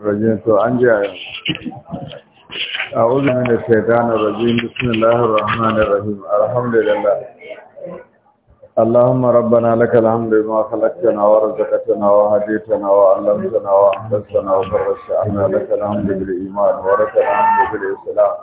الرجيم تو أنجا أعوذ من الشيطان الرجيم بسم الله الرحمن الرحيم الحمد لله اللهم ربنا لك الحمد ما خلقتنا ورزقتنا وهديتنا وعلمتنا وأحدثتنا وفرشتنا لك الحمد بالإيمان ولك الحمد بالإسلام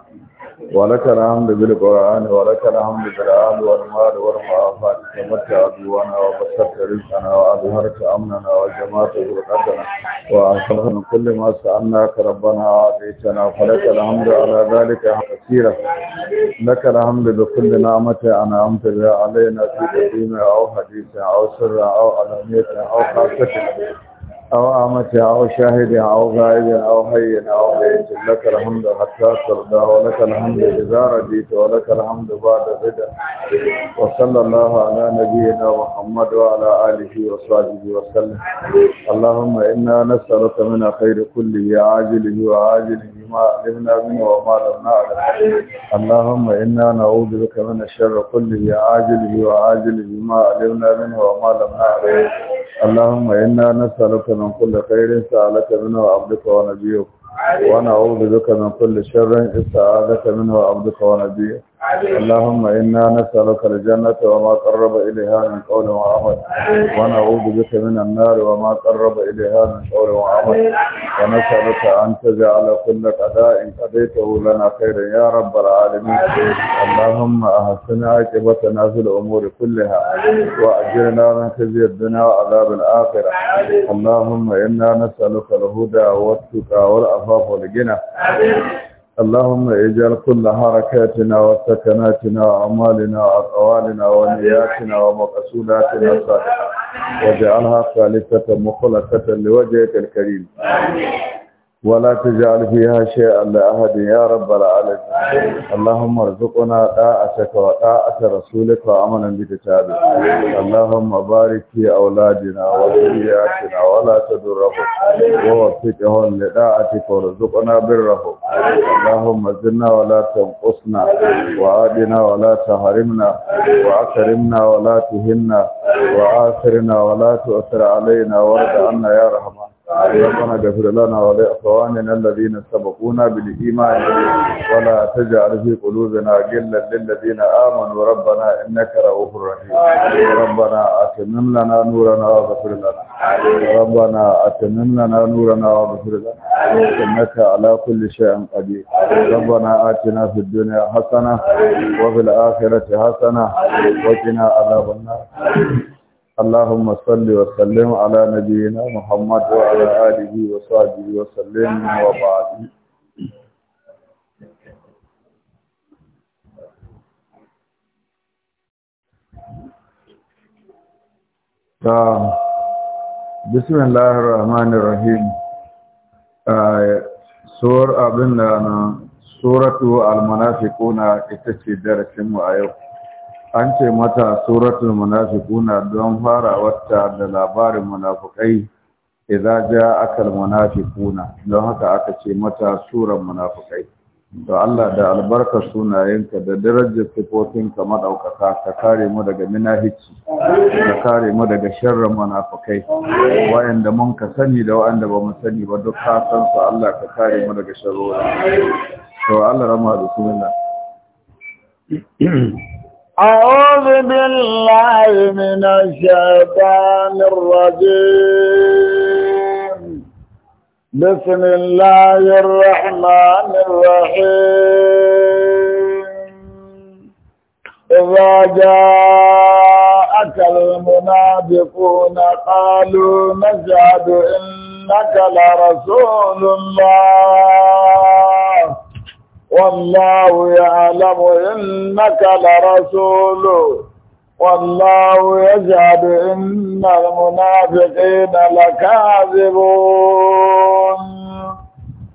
ولك الحمد بالقرآن ولك الحمد بالآل والمال والمعافات كمت عدونا وبسطت رزقنا وأظهرت أمننا وجمعت بركتنا وأعطيت من كل ما سألناك ربنا وأعطيتنا فلك الحمد على ذلك كثيرا لك الحمد بكل نعمة أنعمت بها علينا في قديم أو حديث أو سر أو علانية أو خاصة أو أمتي أو شاهد أو غائب أو حي أو ميت لك الحمد حتى ترضى ولك الحمد إذا رضيت ولك الحمد بعد رضا وصلى الله على نبينا محمد وعلى آله وصحبه وسلم اللهم إنا نسألك من خير كله عاجله وعاجله ما علمنا منه وما لم نعلم اللهم إنا نعوذ بك من الشر كله عاجله وعاجله ما علمنا منه وما لم نعلم اللهم إنا نسألك من كل خير سألك منه عبدك ونبيك ونعوذ بك من كل شر استعاذك منه عبدك ونبيك اللهم إنا نسألك الجنة وما قرب إليها من قول وعمل ونعوذ بك من النار وما قرب إليها من قول وعمل ونسألك أن تجعل كل قضاء قضيته لنا خيرا يا رب العالمين اللهم أحسن عاقبتنا في الأمور كلها وأجرنا من خزي الدنيا وعذاب الآخرة اللهم إنا نسألك الهدى والتقى والعفاف والغنى اللهم اجعل كل حركاتنا وسكناتنا وأعمالنا وأقوالنا ونياتنا ومقصوداتنا صالحة واجعلها خالصة مخلصة لوجهك الكريم آمين ولا تجعل فيها شيئا لأحد يا رب العالمين اللهم ارزقنا طاعتك وطاعة رسولك وعملا بكتابك اللهم بارك في أولادنا وذرياتنا ولا تضرهم ووفقهم لطاعتك وارزقنا برهم اللهم زدنا ولا تنقصنا وعادنا ولا تحرمنا وأكرمنا ولا تهنا وآثرنا ولا تؤثر علينا وارض عنا يا رحمن ربنا اغفر لنا ولاخواننا الذين سبقونا بالايمان ولا تجعل في قلوبنا غلا للذين امنوا ربنا انك رؤوف رحيم ربنا اتمم لنا نورنا واغفر لنا ربنا اتمم لنا نورنا واغفر لنا انك على كل شيء قدير ربنا اتنا في الدنيا حسنه وفي الاخره حسنه وقنا عذاب النار اللهم صل وسلم على نبينا محمد وعلى آله وصحبه وسلم وبعد بسم الله الرحمن الرحيم سور أبننا سورة المنافقون اتشي درسهم وآيوك an ce mata suratul munafiquna don fara wata da labarin munafukai, idza ja akal munafiquna don haka aka ce mata suran munafukai. to Allah da albarka sunayenka da darajar ka madaukaka ka kare mu daga minahici ka kare mu daga sharrin munafikai wa'anda mun ka sani da wa'anda ba mu sani ba duk ka san su Allah ka kare mu daga sharri to Allah rama da أعوذ بالله من الشيطان الرجيم بسم الله الرحمن الرحيم إذا جاءك المنافقون قالوا نشهد إنك لرسول الله والله يعلم إنك لرسوله والله يشهد إن المنافقين لكاذبون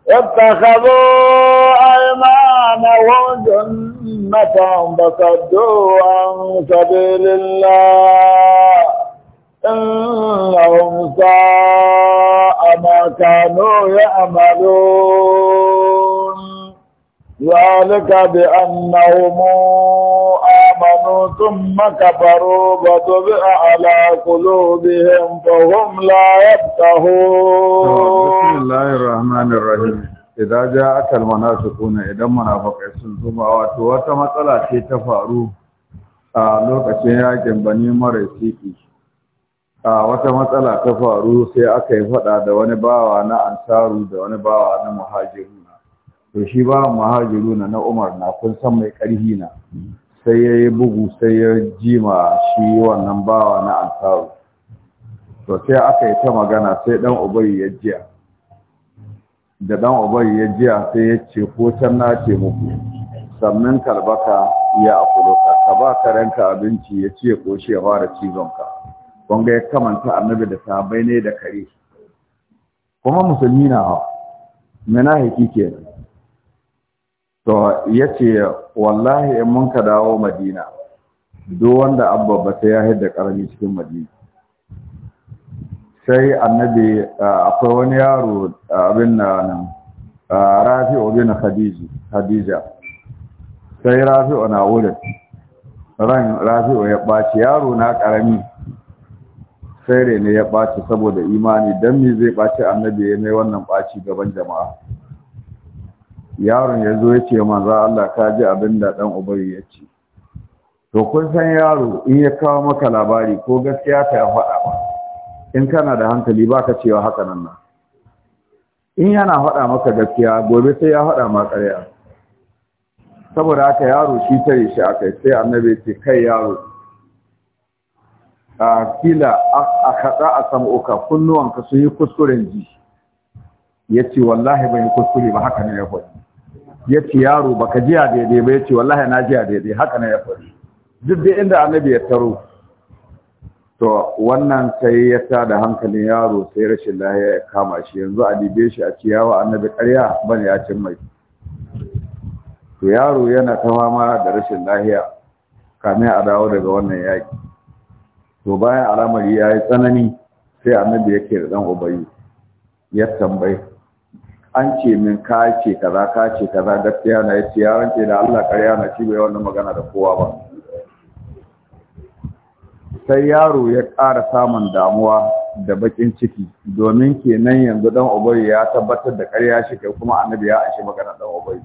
اتخذوا أيمانهم جنة فصدوا عن سبيل الله إنهم ساء ما كانوا يعملون ذلك بأنهم آمنوا ثم كفروا وطبع على قلوبهم فهم لا يبتهون بسم الله الرحمن الرحيم إذا جاءت المنافقون إذا منافقين سنتم أواتوا وتمثلا كي تفعلوا a lokacin yakin bani mara siki a wata matsala ta faru sai aka yi fada da wani bawa na ansaru da wani bawa na muhajiru to shi ba muhajiru na umar na kun san mai ƙarfi na sai ya yi bugu sai ya jima shi wannan bawa na ansaru to sai aka yi ta magana sai dan ubai ya jiya da dan ubai ya jiya sai ya ce ko can na ce muku sannan karbaka ya akuluka ka ba ranka abinci ya ce ko shi ya fara cizonka wanga ya kamanta annabi da sahabbai ne da kare kuma musulmi na hawa mana hakiki kenan to yace wallahi in mun ka dawo madina duk wanda abba ba ta ya da karami cikin madina sai annabi akwai wani yaro abin na nan rafi'u bin khadiji khadija sai rafi'u na wurin ran rafi'u ya ɓaci yaro na ƙarami sai ne ya ɓaci saboda imani don me zai ɓaci annabi ya mai wannan ɓaci gaban jama'a yaron ya zo ya ce manza Allah ka ji abin da ɗan ubayi ya ce to kun san yaro in ya kawo maka labari ko gaskiya ta ya faɗa ba in kana da hankali ba ka cewa haka nan na in yana faɗa maka gaskiya gobe sai ya faɗa ma ƙarya saboda haka yaro shi tare shi aka yi sai annabi ce kai yaro a kila a kaɗa a sam'uka kunnuwanka sun yi kuskuren ji ya ce wallahi ban yi kuskure ba haka ne ya faɗi ya ce yaro baka ji a daidai ba ya ce wallahi na ji a daidai haka na ya faru duk da inda annabi ya taro to wannan sai ya ta da hankalin yaro sai rashin lahiya ya kama shi yanzu a dibe shi a ciyawa annabi karya bane ya cin mai to yaro yana ta fama da rashin lahiya kame a dawo daga wannan yaki to bayan alamari ya yi tsanani sai annabi yake da ɗan ubayi ya tambayi an ce min ka ce kaza ka ce kaza gaskiya na yace ya rance da Allah ƙarya na ci bai wannan magana da kowa ba sai yaro ya ƙara samun damuwa da bakin ciki domin kenan yanzu dan ubayi ya tabbatar da ƙarya shi kai kuma annabi ya ashe magana dan ubayi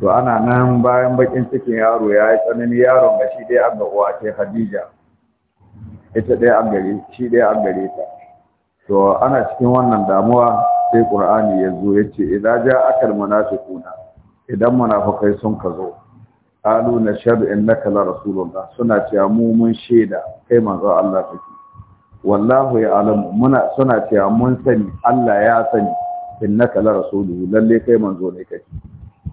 to ana nan bayan bakin cikin yaro ya yi tsanani yaron ga shi dai an ga uwa ce Khadija ita dai an gare shi dai an gare ta to ana cikin wannan damuwa sai qur'ani ya zo Idan idza ja'akal munafiquna idan munafikai sun ka zo qalu nashhadu innaka la rasulullah suna cewa mu mun shaida kai manzo Allah kake wallahu ya'lamu muna suna cewa mun sani Allah ya sani innaka la rasuluhu lalle kai manzo ne kake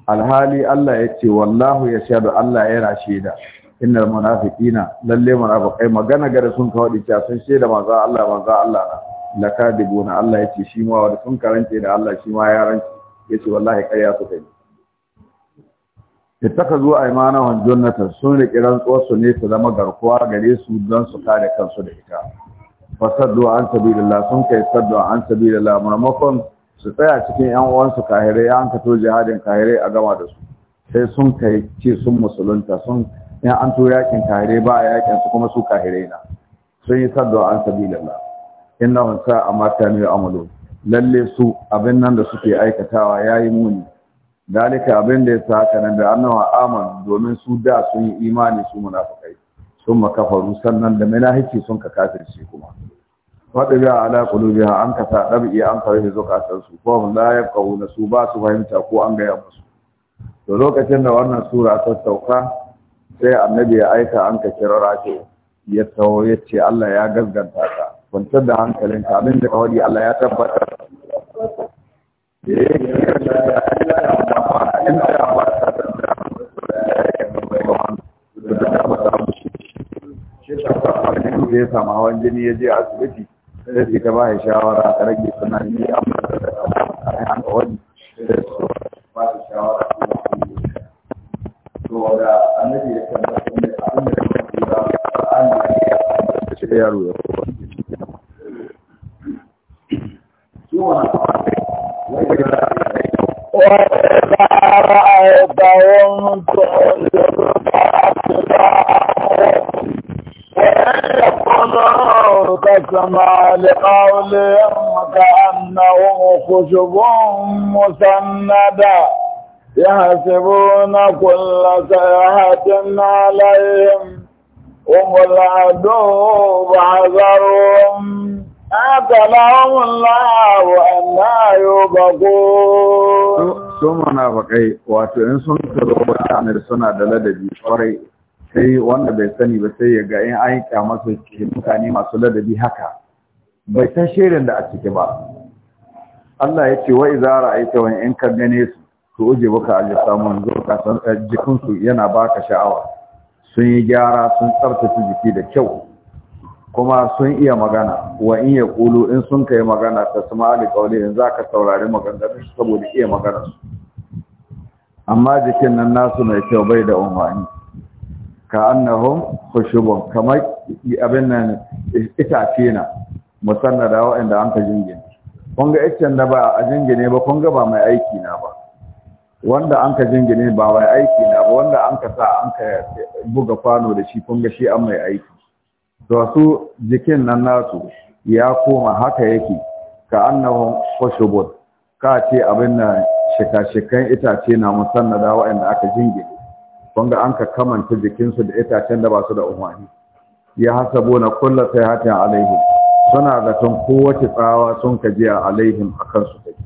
alhali Allah ya ce wallahu ya yashhadu Allah yana shaida innal munafiqina lalle munafiqai magana gare sun kawai cewa sun shaida manzo Allah manzo Allah na lakadibuna Allah ya ce shi ma wanda sun karance da Allah shi ma ya rance ya ce wallahi ƙarya suka yi ittakazu aymanahum jannata sun riƙi rantsuwar su ne su zama garkuwa gare su don su kare kansu da ita fasaddu an sabilillah sun kai saddu an sabilillah maimakon su tsaya cikin yan uwansu kahirai an kato jihadin kahirai a gama da su sai sun kai ce sun musulunta sun in an to yakin kahirai ba a yakin su kuma su kahirai na sun yi saddu an sabilillah sa a mata ne amalo lalle su abin nan da suke aikatawa yayi muni dalika abin da yasa haka nan da annawa aman domin su da sun yi imani su munafikai sun makafaru sannan da munafici sun ka kafirce kuma wadaga ala qulubiha an ka sa dabi an ka rufe zukatan su ko la yaqawuna su ba su fahimta ko an ga musu to lokacin da wannan sura ta sauka sai annabi ya aika an ka kira rafi ya tawo ya ce Allah ya gaskanta ka kwantar da hankalin ka da ka Allah ya tabbatar da ya yi hawan jini ya je asibiti sai ta ba ya shawara ka rage suna yi amma da ta wani خشب مسندا يحسبون كل سيحة عليهم هم العدو أكلهم الله وأنا يبقون wato karo suna da ladabi kwarai sai wanda bai sani ba sai ya ga in an kyamata ke mutane masu ladabi haka bai san shirin da a ciki ba Allah ya ce wa idza a yi in ka gane su to uje baka aljasamun zo ka san eh, yana baka sha'awa sun yi gyara sun tsaftace jiki da kyau kuma sun iya magana wa in ya kulu in sun kai magana ta su da kauli in ka saurari maganganun su saboda iya magana su amma jikin nan nasu mai kyau bai da umarni ka annahum khushubun kamar abin nan itace na musannada wa'anda an ta jingina kun ga da ba a jingine ba kun ba mai aiki na ba wanda an ka jingine ba mai aiki na ba wanda an ka sa an ka buga kwano da shi kun ga shi an mai aiki to su jikin nan nasu ya koma haka yake ka annahu khushubun ka ce abin nan shika-shikan itace na musannada waɗanda aka jingine kun an ka kamanta jikinsu da itacen da ba su da umarni ya hasabo na sai hatin alaihi suna zaton kowace tsawa sun kaji a alaihim a kansu take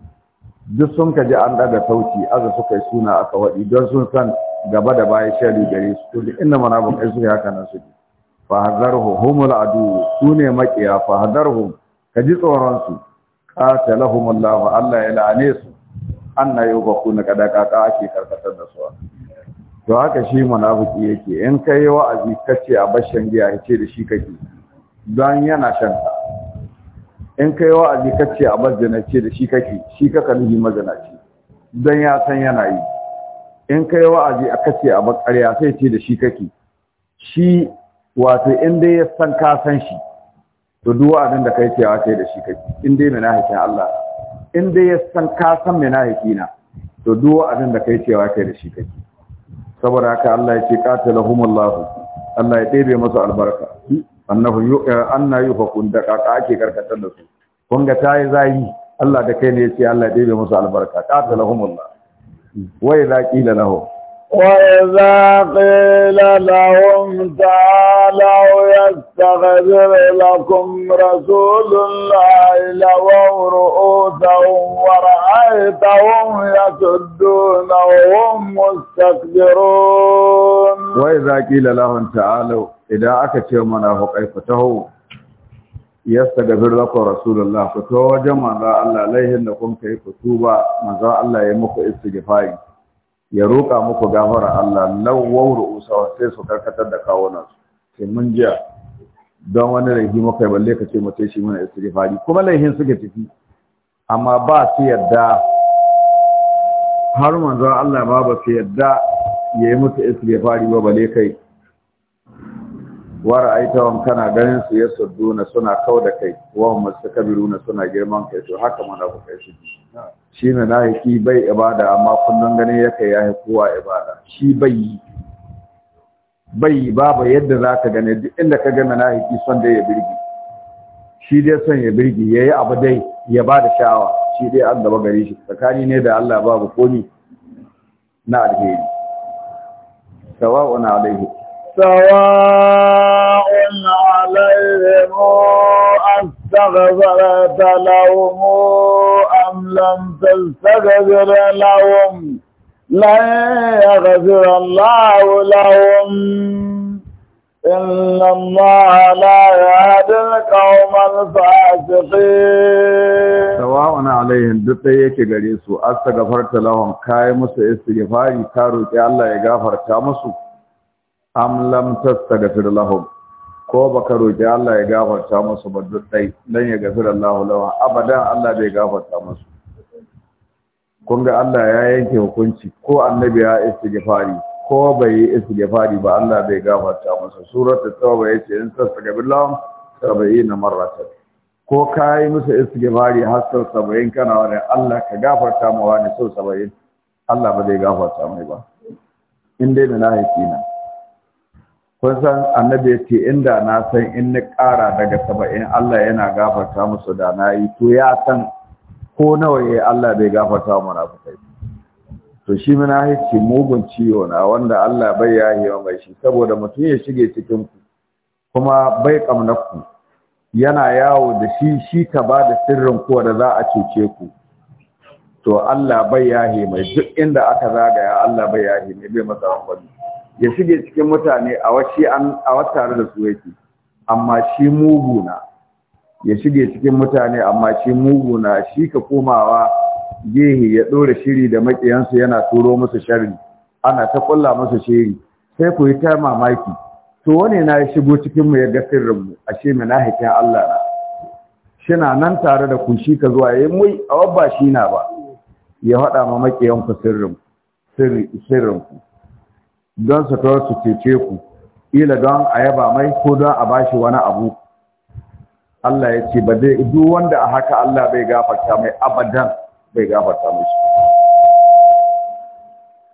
duk sun kaji an daga sauti aza suka yi suna aka waɗi don sun san gaba da baya shari gare su to duk inda bukai su haka nan su fa hadarhu humul adu su ne makiya fa hadarhu kaji tsoron su qatalahum Allah Allah ya la'ane su anna na kada ake karkatar da su to haka shi munafiki yake in kai wa'azi kace a bashan giya ce da shi kake don yana shanta in kai wa'azi kace a mazinaci da shi kake shi ka kalli mazinaci don ya san yana yi in kai wa'azi a kace a bakarya sai ce da shi kake shi wato in dai ya san ka san shi to duk wa'azin da kai cewa sai da shi kake in dai munafikin Allah in dai ya san ka san munafikina to duk wa'azin da kai cewa kai da shi kake saboda haka Allah ya ce qatalahumullahu Allah ya ɗebe masu albarka annahu anna yufakun da kaka ake karkatar da su kun ga tayi zayi Allah da kai ne yace Allah dai bai musu albarka qatalahumullah wa idza qila lahum وإذا قيل لهم تعالوا يستغفر لكم رسول الله لووا رؤوسهم ورأيتهم يسدون وهم مستكبرون وإذا قيل لهم تعالوا idan aka ce hukai ku taho ga lakum rasulullah ku taho wajen manzo Allah laihin da kun kai ku tuba manzo Allah ya muku istighfari ya roƙa muku gafara Allah lawwar usawa sai su karkatar da kawunan sai mun jiya don wani laifi muka yi balle ka ce mu shi mana istighfari kuma laihin suke tafi amma ba su yadda har manzo Allah ba ba su yadda ya yi istighfari ba balle kai wa ra'aitahum kana ganin su na suna da kai wa hum na suna girman kai to haka kai su shi ne na yaki bai ibada amma kullun ganin ya yayi kowa ibada shi bai bai babu yadda zaka gane duk inda ka gane na yaki son da ya birgi shi dai son ya birgi yayi abu dai ya ba da sha'awa shi dai an gaba gare shi tsakani ne da Allah babu komi na alheri sawa'un alaihi سواء عليهم أستغفرت لهم أم لم تستغفر لهم لن يغفر الله لهم إن الله لا يهدي القوم الفاسقين سواء عليهم duk ɗaya yake gare su astaghfarta lahum kai musu istighfari ka roki Allah ya gafarta musu am lam tastaghfir lahum ko baka roki Allah ya gafarta musu ba duk dai dan ya gafira Allah lahu abadan Allah bai gafarta musu kun ga Allah ya yanke hukunci ko annabi ya istighfari ko bai yi istighfari ba Allah bai gafarta musu suratul tauba yace in tasaka lahum sab'ina marratan ko kai musu istighfari har sau 70 kana wani Allah ka gafarta mu wani sau 70 Allah ba zai gafarta mai ba in dai da lahiki na kun san annabi ya ce inda na san in ni ƙara daga saba'in Allah yana gafarta musu da na yi to ya san ko nawa ya Allah bai gafarta mu na to shi muna haici mugun ciwo na wanda Allah bai yahi wa mai shi saboda mutum ya shige cikin ku kuma bai kamna ku yana yawo da shi shi ka ba da sirrin ku da za a cece ku to Allah bai yahi mai duk inda aka zagaya Allah bai yahi mai bai masa wani ya shige cikin mutane a wasu an a tare da su yake amma shi muguna ya shige cikin mutane amma shi muguna shi ka komawa gehe ya ɗora shiri da maƙiyansu yana turo musu sharri ana ta kulla musu shiri sai ku yi ta mamaki to wani na ya shigo cikin mu ya ga sirrin mu ashe hikin Allah na shina nan tare da ku shi ka zuwa yayi eh, mu? a wabba shi na ba ya faɗa ma maƙiyan ku sirrin sirrin ku don su tawo su cece ku ila don a yaba mai ko don a bashi wani abu Allah ya ce ba zai duk wanda a haka Allah bai gafarta mai abadan bai gafarta mai shi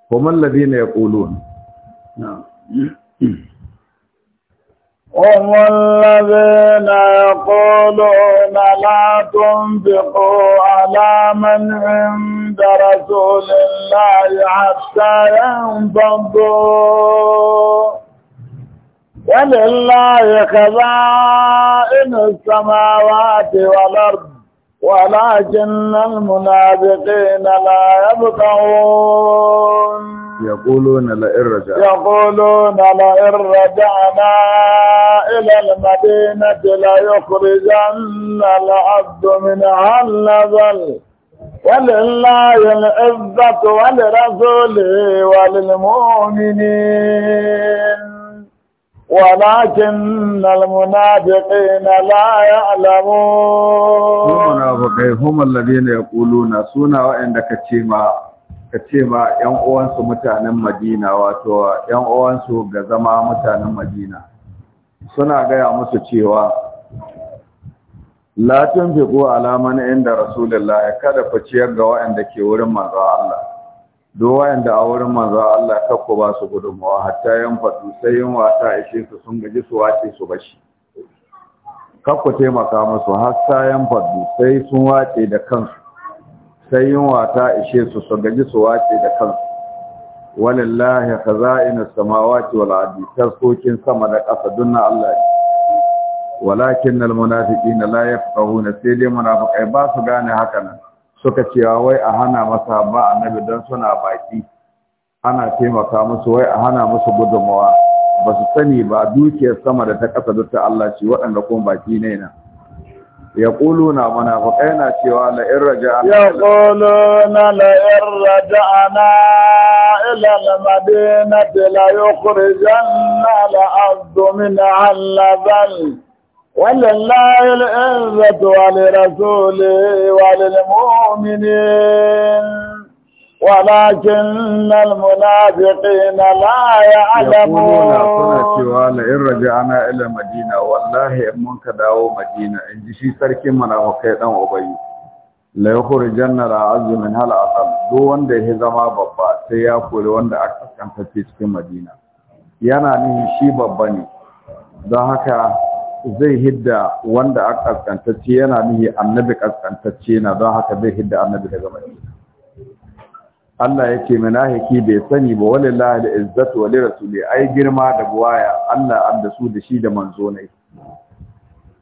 kuma alladhina yaqulun na'am هم الذين يقولون لا تنفقوا على من عند رسول الله حتى ينفضوا ولله خزائن السماوات والأرض ولكن المنافقين لا يبقون يقولون لئن رجعنا يقولون لئن رجعنا إلى المدينة ليخرجن العبد منها النذل ولله العزة ولرسوله وللمؤمنين ولكن المنافقين لا يعلمون هم منافقين هم الذين يقولون سونا وإن كتيما كتيما يوم أوانس متعن مدينة واتوا يوم أوانس غزما متعن مدينة سونا غير مسو la ko alama na inda rasulillah kada ku ciyar ga wa'anda ke wurin manzo Allah do wa'anda a wurin manzo Allah kakku ba su gudunmawa hatta yan fadu sai yan wata ishe su sun gaji su wace su bashi kakku taimaka musu har sai yan fadu sai sun wace da kansu sai yan wata ishe su sun gaji su wace da kansu walillahi khaza'inus samawati wal ardi taskokin sama da ƙasa dunna Allah ne walakin na almunafiqina la yafqahuna sai dai munafiqai ba su gane haka nan suka cewa ah, wai a hana masa ba annabi don suna baki ana taimaka musu wai a hana musu gudunmawa ba su sani ba dukiyar sama da ta ƙasa duk ta Allah ce waɗanda kuma baki ne na cewa ana يقولون منافقين سوى لئن رجعنا يقولون لئن رجعنا إلى المدينة ليخرجن الأرض من على ذلك ولله العزة ولرسوله وللمؤمنين ولكن المنافقين لا يعلمون suna cewa la ana raja'ana ila madina wallahi in mun ka dawo madina in ji shi sarkin munafikai ɗan obayu. la yukhrijanna la'azzu min hal asal duk wanda ya zama babba sai ya kore wanda aka kaskanta cikin madina yana nihin shi babba ne don haka zai hidda wanda aka kaskantacce yana nihi annabi kaskantacce na don haka zai hidda annabi daga mai Allah ya ce manahiki bai sani ba wani al-izzatu wa lirasuli ai girma da buwaya Allah adda su da shi da manzo ne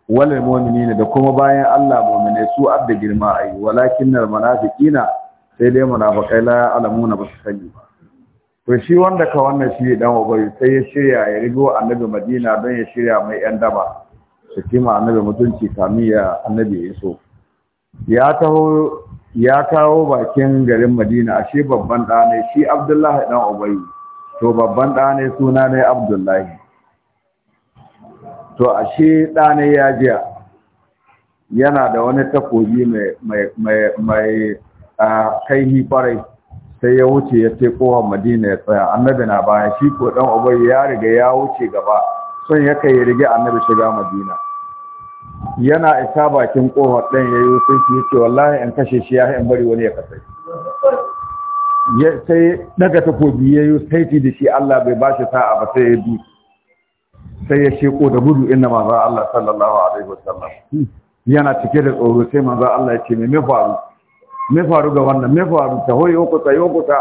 ne da kuma bayan Allah mu'mine su adda girma ai walakinnal munafiqina sai dai munafiqai la alamuna ba su sani ba to shi wanda ka wannan shi dan wabari sai ya shirya ya rigo annabi Madina don ya shirya mai yan daba kima annabi mutunci kami ya annabi ya so ya taho ya kawo bakin garin madina ashe babban da ne shi abdullahi dan ubayi to babban da ne suna ne abdullahi to ashe da ne ya jiya yana da wani takobi mai ni farai sai ya wuce ya ce kowa madina ya tsaya annabi na baya shi ko dan ubayi ya riga ya wuce gaba son ya kai rige annabi shiga madina yana isa bakin kofar ɗan ya yi sai ya ce wallahi in kashe shi ya in bari wani ya kasai sai daga takobi ya yi saiti da shi Allah bai bashi sa'a ba sai ya bi sai ya sheko da gudu inda manzo Allah sallallahu alaihi wasallam yana cike da tsoro sai manzo Allah ya ce me me faru me faru ga wannan me faru ta hoye ku ta yoko ta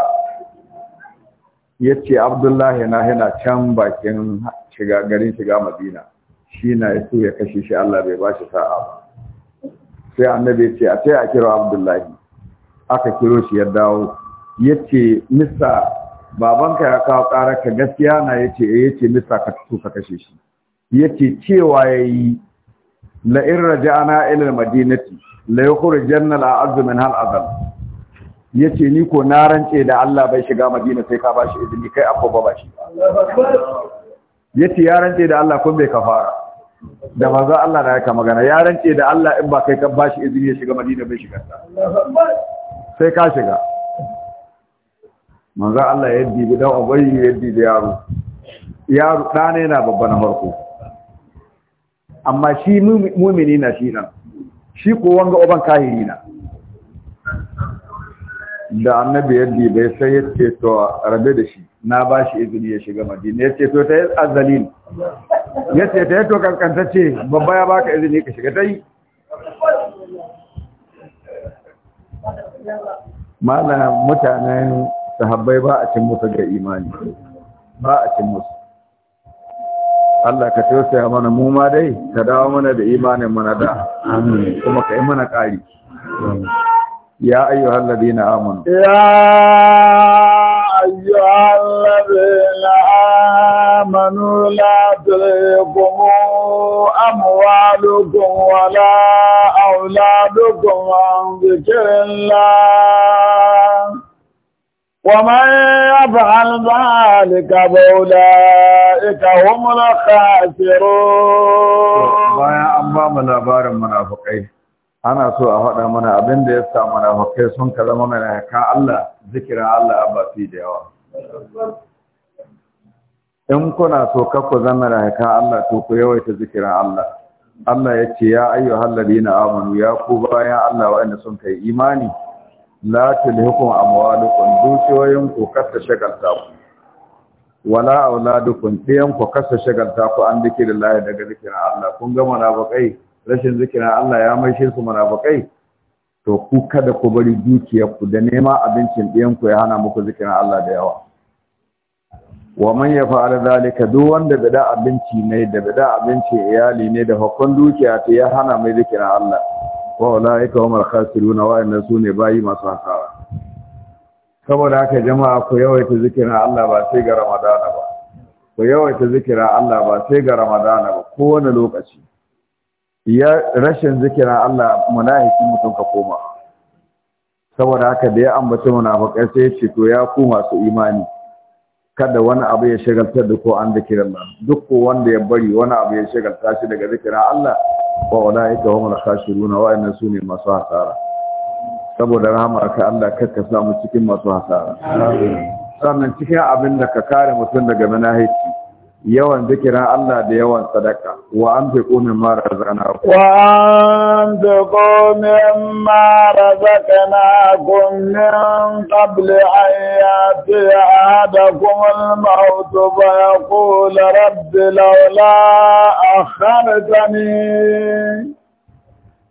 yace Abdullahi na yana can bakin shiga garin shiga Madina shi na so ya kashe shi Allah bai bashi sa'a ba sai annabi ya ce a sai a kira Abdullahi aka kiro shi ya dawo yace mista babanka ya kawo ka gaskiya na yace eh yace mista ka so ka kashe shi yace cewa yayi la in raja'na ila al-madinati la yukhrijanna al-a'z min hal-azal yace ni ko na rance da Allah bai shiga Madina sai ka bashi izini kai abu ba bashi yace ya rance da Allah kun bai kafara da manzo Allah na yaka magana ya rance da Allah in ba kai ka bashi izini ya shiga Madina bai shiga ta sai ka shiga manzo Allah ya dibi da abai ya dibi yaro yaro dane na babba na farko amma shi mumini na shi nan shi ko wanga uban kahiri na da annabi ya dibi sai ya ce to rabe da shi na ba shi izini ya shiga madina ya ce to ta yi azalil ya ce ta yi to kankantacce babba ya baka izini ka shiga ta yi mana mutanen sahabbai ba a cin musu ga imani ba a cin musu Allah ka ya mana mu ma dai ka dawo mana da imanin mana da kuma ka yi mana ƙari ya ayyuhal ladina amanu ya أيها الذين آمنوا لا تليكم أموالكم ولا أولادكم عن ذكر الله ومن يفعل ذلك فأولئك هم الخاسرون. ما يا أمام الأبار المنافقين. ana so a faɗa mana abin da ya sa mana hukai sun ka zama mai haka Allah zikirin Allah ba fi da yawa in kuna so ku zama mana haka Allah to ku yawaita zikira Allah Allah ya ce ya ayyu halladina amanu ya ku bayan Allah waɗanda sun kai imani la tulhikum amwalukum dukiyoyin ku kasta shagalta ku wala auladukum tiyan ku kasta shagalta ku an Allah daga zikira Allah kun gama na bakai rashin zikira Allah ya maishe su munafukai to ku kada ku bari dukiyarku da nema abincin ɗiyanku ya hana muku zikirin Allah da yawa wa man ya fa'ala zalika duk wanda bada abinci ne da bada abinci iyali ne da hukun dukiya ta ya hana mai zikirin Allah wa ulaika humul khasiruna wa inna sune bayi masu hasara saboda haka jama'a ku yawaita zikirin Allah ba sai ga Ramadana ba ku yawaita zikirin Allah ba sai ga Ramadana ba kowane lokaci ya rashin zikirin Allah munafiki mutum ka koma saboda haka da ya ambaci munafikai sai ya ce to ya ku masu imani kada wani abu ya shagaltar da ko an zikirin Allah duk ko wanda ya bari wani abu ya shagalta shi daga zikirin Allah wa ulaika humul khasiruna wa inna sunni masu hasara saboda rahmar ka Allah kakka samu cikin masu hasara sannan cikin abin da ka kare mutum daga munafici yawan zikirin Allah da yawan sadaka wa an fi ƙunin mara zana. ku. Wa an fi ƙunin mara razana kunnin ƙabli an da kuma mautu ba ya kula rabbi laula a khartani.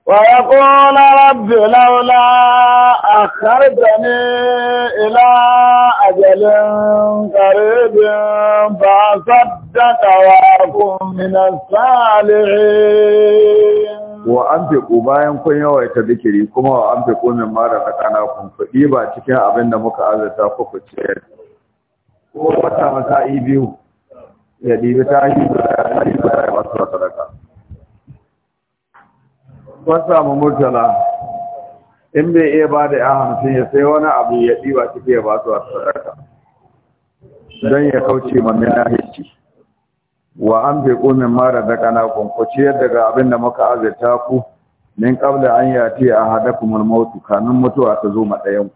ويقول رب a أخرتني إلى أجل قريب فأصدق وأكون من الصالحين wa an bayan kun yawaita bikiri kuma wa an min mara tsakana kun kuɗi ba cikin abin da muka azurta ku ku ce ko wata masa'i biyu ya ɗibi ta yi da ya yi da ya masu sadaka kun samu murtala in bai iya ba da ya hamsin ya sai wani abu ya ɗiba ciki ya ba su a sadaka don ya kauce ma minahici wa an fi ƙumin mara da ƙanakon ku yadda daga abin da muka azurta ku min kabla an yati a hada kumar mautu kanin mutuwa ta zo maɗayan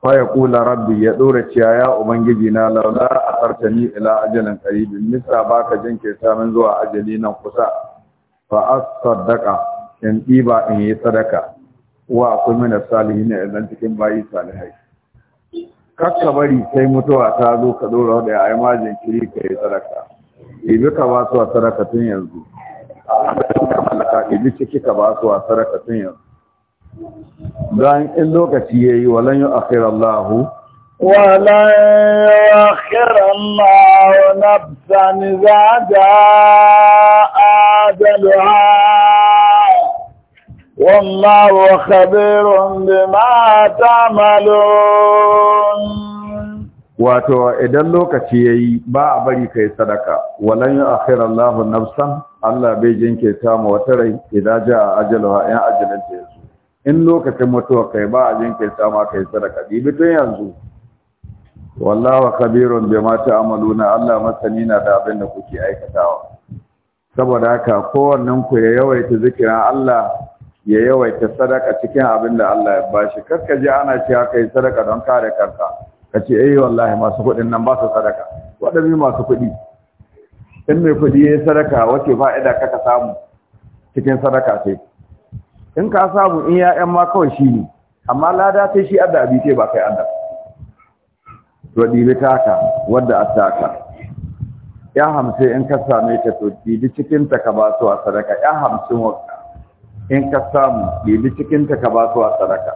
fa ya kula rabbi ya ɗora ciyaya ubangiji na laula a tsartani ila ajalin ƙaribin nisa ba ka jinkirta zuwa ajali nan kusa fa as sadaka in ɗiba in yi sadaka wa akwai mana salihi ne idan cikin bayi salihai kakka bari sai mutuwa ta zo ka dora wadda ya majin kiri ka yi sadaka ibi ka ba su a sadaka tun yanzu ibi ciki ka ba su a sadaka tun yanzu dan in lokaci ya yi walan yi akhir Allahu walan yi akhir Allahu nafsan za ta ajalu'a والله خبير بما تعملون wato idan lokaci yayi ba a bari kai sadaka walan akhir Allah nafsan Allah bai jinkirta mu wata rai idan ja ajaluha ya ajalin ta yazo in lokacin mutuwa kai ba a jinkirta ma kai sadaka bibi tun yanzu wallahu khabirun bima ta'maluna Allah masani na da abin da kuke aikatawa saboda haka kowannen ku ya yawaita zikirin Allah ya yawaita sadaka cikin abin da Allah ya bashi karka ji ana cewa kai sadaka don kare Ka kace eh wallahi masu kuɗin nan ba su sadaka wadanne masu kuɗi in mai kuɗi yi sadaka wace fa'ida kaka samu cikin sadaka sai in ka samu in ya'yan ma kawai shi ne amma lada sai shi adda abi ce ba kai adda to dibi taka wanda attaka ya hamsin in ka same ta to dibi cikin ta ka ba su a sadaka ya hamsin in ka samu cikin cikinta ka ba su a sadaka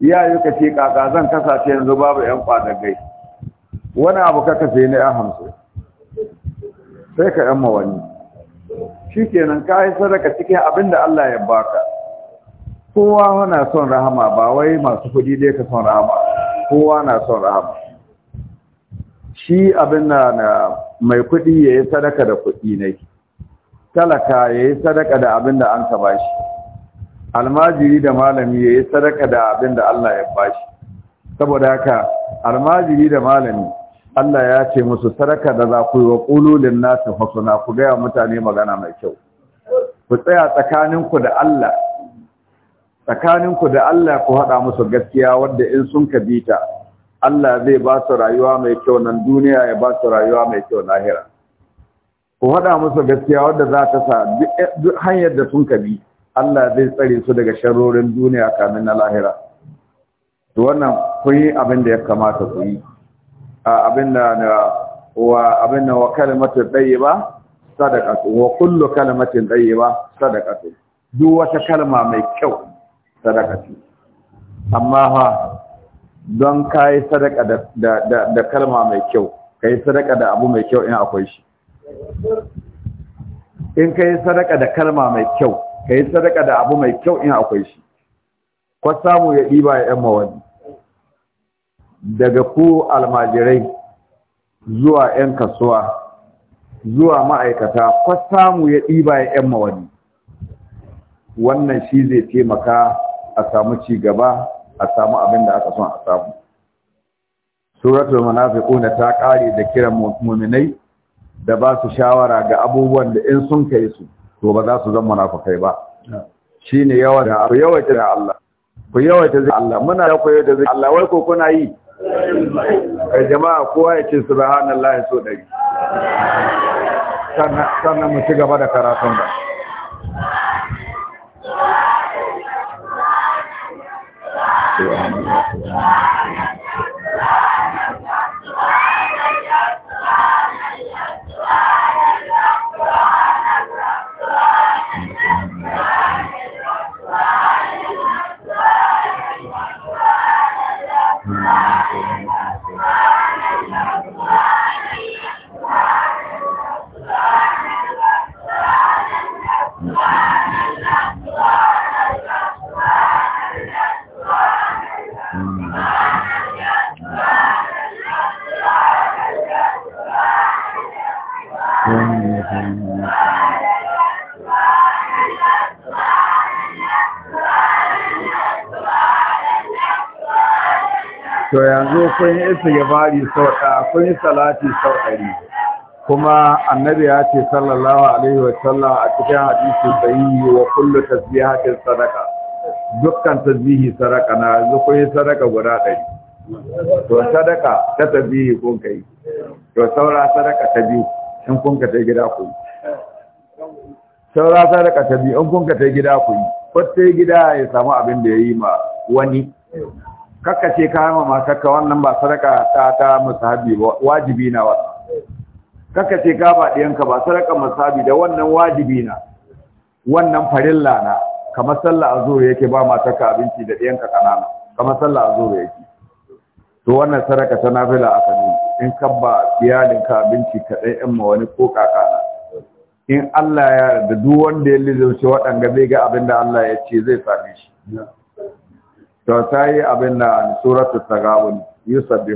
iyaye ka ce kaka zan kasace yanzu babu yan gai. wani abu ka kafe na yan hamsin sai ka yan mawani shi kenan ka yi sadaka cikin abin da Allah ya baka kowa na son rahama ba wai masu kuɗi dai ka son rahama kowa na son rahama shi abin na mai kuɗi ya yi sadaka da kuɗi nai. talaka ya yi sadaka da abin da an ka bashi almajiri da malami ya yi sadaka da abin da Allah ya bashi saboda haka almajiri da malami Allah ya ce musu sadaka da za ku yi wa ƙulolin nasu hasuna ku gaya mutane magana mai kyau ku tsaya tsakaninku da Allah tsakaninku da Allah ku haɗa musu gaskiya wadda in sun ka bita Allah zai ba su rayuwa mai kyau nan duniya ya ba su rayuwa mai kyau lahira ku faɗa musu gaskiya wadda za ta sa duk hanyar da sun kabi Allah zai tsare su daga sharorin duniya kamin na lahira to wannan kun yi abin da ya kamata ku yi abin da wa abin da wa kalmatin ɗayyiba sadaqatu wa kullu kalmatin sadaka sadaqatu duk wata kalma mai kyau sadaka sadaqatu amma ha don kai sadaka da da da kalma mai kyau kai sadaka da abu mai kyau in akwai shi in ka yi sadaka da kalma mai kyau ka yi sadaka da abu mai kyau in akwai shi kwa samu ya ɗiba ya ‘yan mawani daga ku almajirai zuwa ‘yan kasuwa zuwa ma'aikata kwa samu ya ɗiba ya ‘yan mawani wannan shi zai taimaka a samu cigaba a samu abin da aka son a samu suratul munafiquna ta kare da kiran mu'minai da ba su shawara ga abubuwan da in sun kai su to ba za su zama munafukai ba kai ba. ku yawaita da Allah ku yawaita da Allah muna da koyo da Allah wai ko kuna yi kai jama'a kowa ya ce subhanallahi so da yi sannan mu ci gaba da karatun da Yeah. to yanzu kun yi istighfari sau ɗaya kun yi salati sau ɗari kuma annabi ya ce sallallahu alaihi wa sallam a cikin hadisi sahihi wa kullu tasbihatin sadaka dukkan tasbihi sadaka na yanzu kun yi sadaka guda ɗari to sadaka ta tasbihi kun kai to saura sadaka ta biyu in kun ka ta gida ku yi saura sadaka ta biyu in kun ka ta gida ku yi ko ta gida ya samu abin da ya yi ma wani kakka ce ka ma matarka wannan ba sadaka ta ta musahabi ba wajibi na wa kakka ce ka ba ɗiyanka ba sadaka musahabi da wannan wajibi na wannan farilla na kamar sallah azhur yake ba matarka abinci da ɗiyanka kanana kamar sallah azhur yake to wannan sadaka ta nafila a kanu in ka ba iyalinka abinci kaɗai in ma wani ko kakana in Allah ya da duk wanda ya shi waɗanga zai ga abin da Allah ya ce zai same shi to ta yi abin da suratu tagabun yusuf